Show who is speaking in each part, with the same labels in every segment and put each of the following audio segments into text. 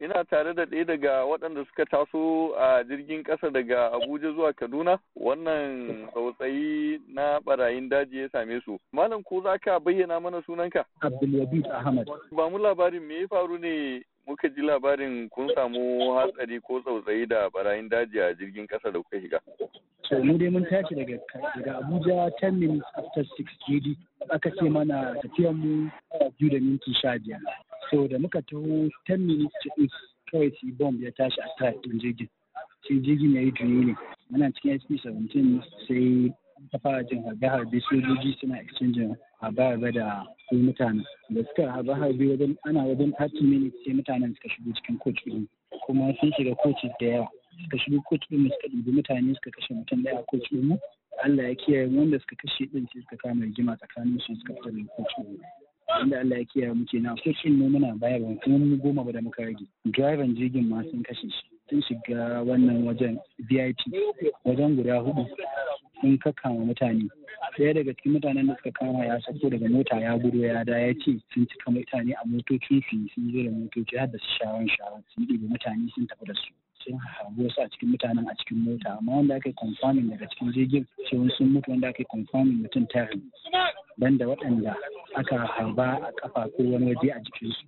Speaker 1: ina tare da ɗaya daga waɗanda suka taso a jirgin ƙasa daga abuja zuwa kaduna wannan tsautsayi na barayin daji ya same su malam ko za ka bayyana mana sunanka
Speaker 2: abdulwabid ahmad
Speaker 1: ba mu labarin me ya faru ne muka ji labarin kun samu hatsari ko tsautsayi da barayin daji a jirgin ƙasa da kuka shiga
Speaker 2: so mu dai mun tashi daga daga abuja 10 minutes after 6 gd aka ce mana tafiyar mu biyu da minti sha so da muka taho 10 minutes cikin kawai su bomb ya tashi a tayar jirgin sai jirgin ya yi drilling muna cikin sp-17 sai ta fara jin harbe-harbe sojoji suna exchanging harbe-harbe da su mutane da suka harbe-harbe wajen ana wajen 30 minutes sai mutanen suka shigo cikin coach ɗin kuma sun shiga coach da yawa suka shigo coach ɗin suka ɗibi mutane suka kashe mutum ɗaya coach ɗin Allah ya kiyaye wanda suka kashe ɗin sai suka kama rigima tsakanin su suka fitar da coach ɗin inda Allah ya kiyaye muke na. ko shin mu muna bayarwa kuma mu goma ba da muka rage driver jirgin ma sun kashe shi sun shiga wannan wajen VIP wajen guda hudu sun kakkama mutane daya daga cikin mutanen da suka kama ya sauko daga mota ya gudu ya da ya ce sun cika mutane a motocin su sun zo da motoci har da su shawon shawon sun ɗibi mutane sun tafi da su sun hagu su a cikin mutanen a cikin mota amma wanda aka yi confirming daga cikin jirgin sai sun mutu wanda aka yi confirming mutum ban banda waɗanda aka harba a kafa ko wani waje a jikinsu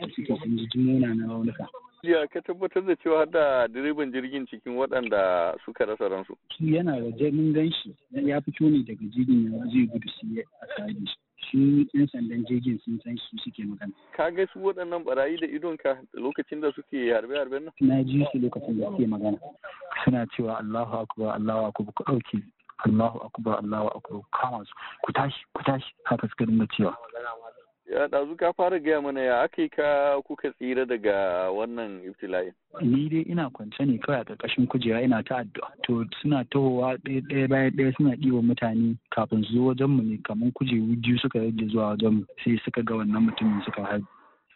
Speaker 2: da suke sun ji na
Speaker 1: raunuka. jiya ka tabbatar da cewa da direban jirgin cikin waɗanda suka rasa ransu.
Speaker 2: shi yana da jirgin ganshi ya fito ne daga jirgin ya zai gudu shi a sadi shi yan sandan jirgin sun san shi suke magana.
Speaker 1: ka ga su waɗannan barayi da idon ka lokacin da suke harbe harben nan. na ji su lokacin da suke magana
Speaker 2: suna cewa allahu akbar allahu akbar ku ɗauke Allahu akbar Allahu akbar kama su ku tashi ku tashi haka suka dinga cewa
Speaker 1: ya ɗazu ka fara gaya mana ya aka ka kuka tsira daga wannan iftilayin.
Speaker 2: ni dai ina kwance ne kawai a ƙarƙashin kujera ina ta addu'a to suna tahowa ɗaya ɗaya bayan ɗaya suna ɗiwa mutane kafin su zo wajen mu ne kamar kujeru biyu suka rage zuwa wajen mu sai suka ga wannan mutumin suka haɗu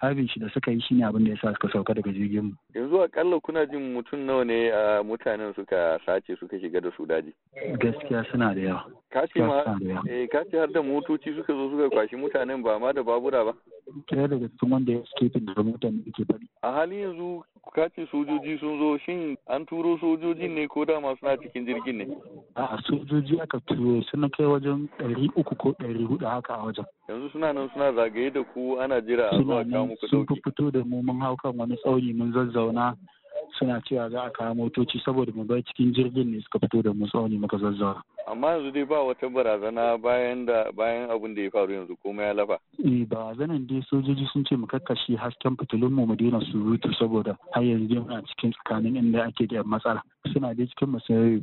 Speaker 2: harbin shi da suka yi shine abin da ya sa suka sauka daga jirgin mu
Speaker 1: yanzu akalla kuna jin mutum nawa ne a mutanen suka sace suka shiga da su daji gaskiya suna da yawa kace ma eh har da motoci suka zo suka kwashi mutanen ba ma da babura ba
Speaker 2: kira daga cikin wanda ya escaping daga motar da ke fari.
Speaker 1: A halin yanzu kace sojoji sun zo shin an turo sojojin ne ko dama suna cikin jirgin ne?
Speaker 2: A'a sojoji aka turo suna kai wajen ɗari uku ko ɗari hudu haka a wajen.
Speaker 1: Yanzu suna nan suna zagaye da ku ana jira a zuwa kawo muku
Speaker 2: ɗauki. Sun fito da mu mun hau kan wani tsauni mun zazzauna suna cewa za a kawo motoci saboda mu bar cikin jirgin ne suka fito da mu tsauni
Speaker 1: muka zazzawa. Amma yanzu dai ba wata barazana bayan da bayan abin da ya faru yanzu kuma ya lafa.
Speaker 2: Eh barazanan dai sojoji sun ce mu kakkashi hasken fitilun mu mu daina surutu saboda har yanzu dai muna cikin tsakanin inda ake da matsala. Suna dai cikin masarar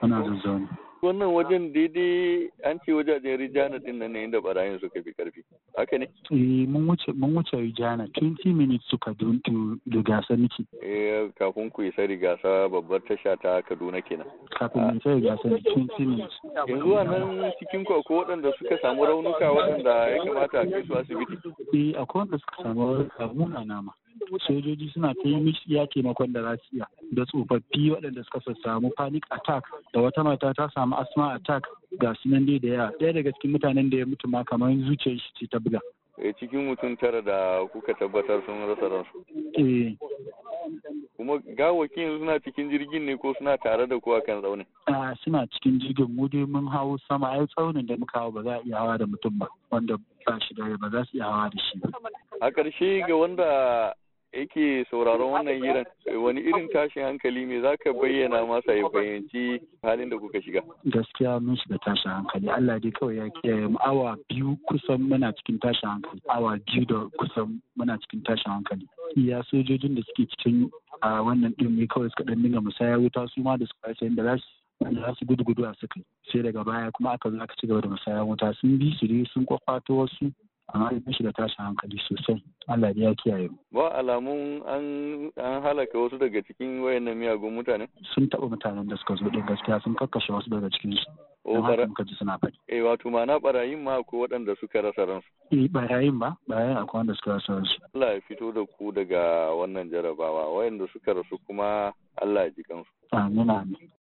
Speaker 1: ana zazzawa. wannan wajen daidai an ce wajajen rijana din nan ne inda barayin suka fi karfi haka ne
Speaker 2: eh mun wuce mun wuce rijana 20 minutes suka don to gasa niki
Speaker 1: eh kafin ku isa rigasa babbar tasha ta Kaduna kenan
Speaker 2: kafin mun sai rigasa 20 minutes
Speaker 1: yanzu nan cikin ku akwai waɗanda suka samu raunuka waɗanda ya kamata a kai su asibiti
Speaker 2: eh akwai waɗanda suka samu raunuka mun a nama sojoji suna ta yi mishi iya taimakon da rasiya da tsofaffi waɗanda suka samu panic attack da wata mata ta samu asma attack ga su nan dai da yawa ɗaya daga cikin mutanen da ya mutu ma kamar zuciyar shi ce ta buga
Speaker 1: eh, cikin mutum tara da kuka tabbatar sun rasa ransu eh. kuma gawakin suna cikin jirgin ne ko suna tare da kuwa kan tsaunin
Speaker 2: a suna cikin jirgin mu dai mun hawo sama ai tsaunin da muka hawo ba za a iya hawa da mutum ba wanda ba shi da ba za su iya hawa da shi ba
Speaker 1: a ƙarshe ga wanda yake sauraron wannan hirar wani irin tashin hankali me zaka bayyana masa ya fahimci halin da kuka shiga
Speaker 2: gaskiya mun shiga tashin hankali Allah dai kawai ya kiyaye mu awa biyu kusan muna cikin tashin hankali awa biyu da kusan muna cikin tashin hankali iya sojojin da suke cikin a wannan din ne kawai suka dan dinga musaya wuta su ma da suka rasa inda za su za su gudu gudu a suka sai daga baya kuma aka zo aka ci gaba da musaya wuta sun bi su dai sun kwakwato wasu amma an shiga tashin hankali sosai Allah ya kiyaye mu
Speaker 1: ba alamun an an halaka wasu daga cikin wayannan miyagun mutane
Speaker 2: sun taba mutanen da suka zo din gaskiya sun kakkashe wasu daga cikin su o bara ji
Speaker 1: suna faɗi eh wato ma'ana barayin ma ko waɗanda suka rasa ransu
Speaker 2: eh barayin ba barayin akwai wanda suka rasa ransu
Speaker 1: Allah ya fito da ku daga wannan jarabawa wayanda suka rasu kuma Allah ya ji kansu
Speaker 2: amin amin